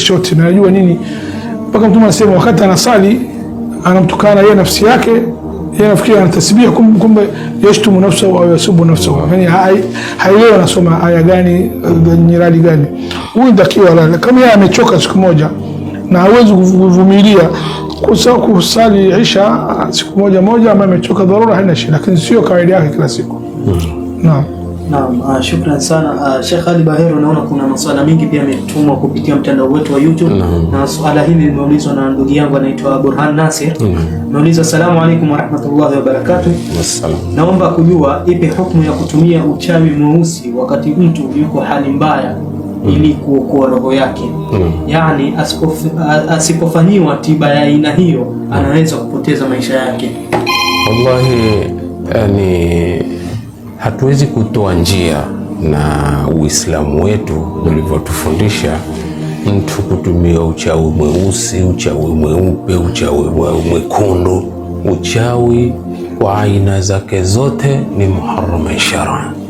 shoti na najua nini, mpaka mtume anasema wakati anasali anamtukana yeye nafsi yake, yeye anafikiri anatasbih, kumbe yashtumu nafsahu au yasubu nafsahu, yani haielewi anasoma aya gani, uh, nyirali gani. Huyu takiwa lala kama yeye amechoka siku moja na hawezi kuvumilia kusali isha uh, siku moja moja, ama amechoka dharura, haina shida, lakini sio kawaida yake kila siku. Hmm. Naam. Naam, uh, shukran sana uh, Sheikh Ali Bahero, naona kuna maswala mengi pia ametumwa kupitia mtandao wetu wa YouTube Naam. na swala hili limeulizwa na ndugu yangu anaitwa Burhan Nasir ameuliza, asalamu alaykum wa rahmatullahi wa barakatuh. Wasalam. Naomba kujua ipi hukumu ya kutumia uchawi mweusi wakati mtu yuko hali mbaya mm. ili kuokoa roho yake mm. Yaani asipofanyiwa tiba ya aina hiyo mm. anaweza kupoteza maisha yake. Wallahi yani eh, hatuwezi kutoa njia na Uislamu wetu ulivyotufundisha mtu kutumia uchawi mweusi, uchawi mweupe, uchawi mwekundu. Uchawi kwa aina zake zote ni muharama sharaa